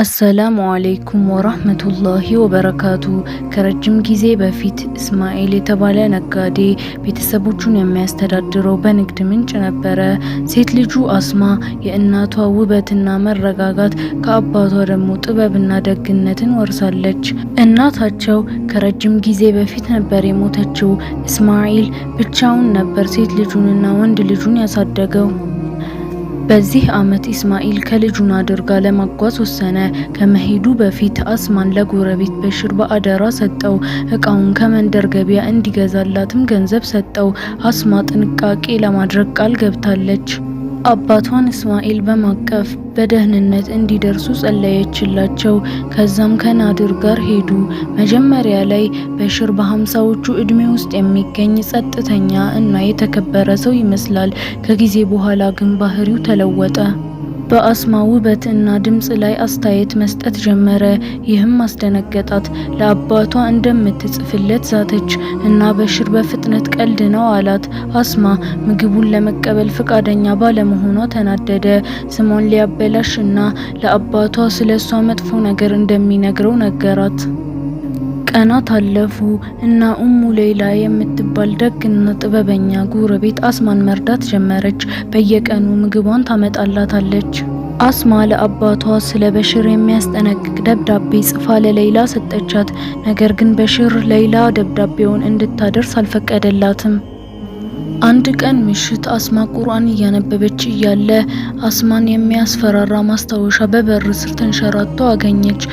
አሰላሙ አሌይኩም ወራህመቱላሂ ወበረካቱ። ከረጅም ጊዜ በፊት እስማኤል የተባለ ነጋዴ ቤተሰቦቹን የሚያስተዳድረው በንግድ ምንጭ ነበረ። ሴት ልጁ አስማ የእናቷ ውበትና መረጋጋት ከአባቷ ደግሞ ጥበብና ደግነትን ወርሳለች። እናታቸው ከረጅም ጊዜ በፊት ነበር የሞተችው። እስማኤል ብቻውን ነበር ሴት ልጁንና ወንድ ልጁን ያሳደገው። በዚህ ዓመት ኢስማኤል ከልጁን አድርጋ ለማጓዝ ወሰነ። ከመሄዱ በፊት አስማን ለጎረቤት በሽር በአደራ ሰጠው። እቃውን ከመንደር ገበያ እንዲገዛላትም ገንዘብ ሰጠው። አስማ ጥንቃቄ ለማድረግ ቃል ገብታለች። አባቷን እስማኤል በማቀፍ በደህንነት እንዲደርሱ ጸለየችላቸው። ከዛም ከናድር ጋር ሄዱ። መጀመሪያ ላይ በሽር በሀምሳዎቹ እድሜ ውስጥ የሚገኝ ጸጥተኛ እና የተከበረ ሰው ይመስላል። ከጊዜ በኋላ ግን ባህሪው ተለወጠ። በአስማ ውበት እና ድምጽ ላይ አስተያየት መስጠት ጀመረ። ይህም አስደነገጣት። ለአባቷ እንደምትጽፍለት ዛተች እና በሽር በፍጥነት ቀልድ ነው አላት። አስማ ምግቡን ለመቀበል ፈቃደኛ ባለመሆኗ ተናደደ። ስሟን ሊያበላሽ እና ለአባቷ ስለ እሷ መጥፎ ነገር እንደሚነግረው ነገራት። ቀናት አለፉ እና ኡሙ ሌላ የምትባል ደግና ጥበበኛ ጎረቤት አስማን መርዳት ጀመረች። በየቀኑ ምግቧን ታመጣላታለች። አስማ ለአባቷ ስለ በሽር የሚያስጠነቅቅ ደብዳቤ ጽፋ ለሌላ ሰጠቻት። ነገር ግን በሽር ሌላ ደብዳቤውን እንድታደርስ አልፈቀደላትም። አንድ ቀን ምሽት አስማ ቁርአን እያነበበች እያለ አስማን የሚያስፈራራ ማስታወሻ በበር ስር ተንሸራቶ አገኘች።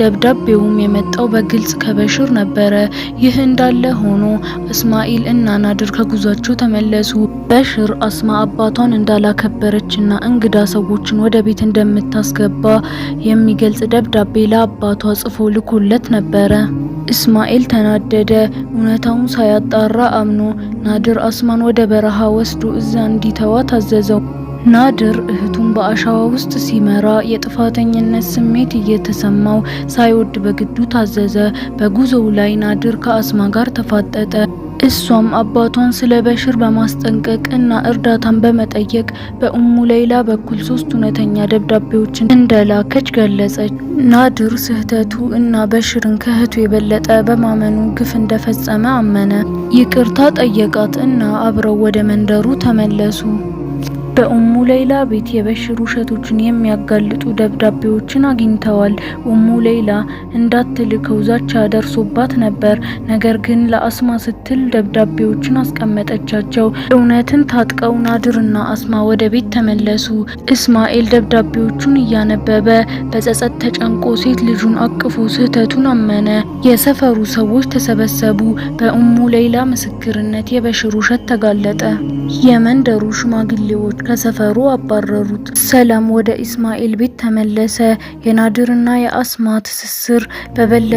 ደብዳቤውም የመጣው በግልጽ ከበሽር ነበረ። ይህ እንዳለ ሆኖ እስማኤል እና ናድር ከጉዟቸው ተመለሱ። በሽር አስማ አባቷን እንዳላከበረችና እንግዳ ሰዎችን ወደ ቤት እንደምታስገባ የሚገልጽ ደብዳቤ ለአባቷ ጽፎ ልኮለት ነበረ። እስማኤል ተናደደ። እውነታውን ሳያጣራ አምኖ ናድር አስማን ወደ በረሃ ወስዶ እዛ እንዲተዋ ታዘዘው። ናድር እህቱን በአሸዋ ውስጥ ሲመራ የጥፋተኝነት ስሜት እየተሰማው ሳይወድ በግዱ ታዘዘ። በጉዞው ላይ ናድር ከአስማ ጋር ተፋጠጠ። እሷም አባቷን ስለ በሽር በማስጠንቀቅ እና እርዳታን በመጠየቅ በኡሙ ሌይላ በኩል ሶስት እውነተኛ ደብዳቤዎችን እንደላከች ገለጸች። ናድር ስህተቱ እና በሽርን ከእህቱ የበለጠ በማመኑ ግፍ እንደፈጸመ አመነ። ይቅርታ ጠየቃት እና አብረው ወደ መንደሩ ተመለሱ። በኡሙ ሌላ ቤት የበሽር ውሸቶችን የሚያጋልጡ ደብዳቤዎችን አግኝተዋል። ኡሙ ሌላ እንዳትልከው ዛቻ ደርሶባት ነበር። ነገር ግን ለአስማ ስትል ደብዳቤዎችን አስቀመጠቻቸው። እውነትን ታጥቀው ናድርና አስማ ወደ ቤት ተመለሱ። እስማኤል ደብዳቤዎቹን እያነበበ በጸጸት ተጨንቆ ሴት ልጁን አቅፎ ስህተቱን አመነ። የሰፈሩ ሰዎች ተሰበሰቡ። በኡሙ ሌላ ምስክርነት የበሽር ውሸት ተጋለጠ። የመንደሩ ሽማግሌዎች ከሰፈሩ አባረሩት። ሰላም ወደ ኢስማኤል ቤት ተመለሰ። የናድርና የአስማ ትስስር በበለ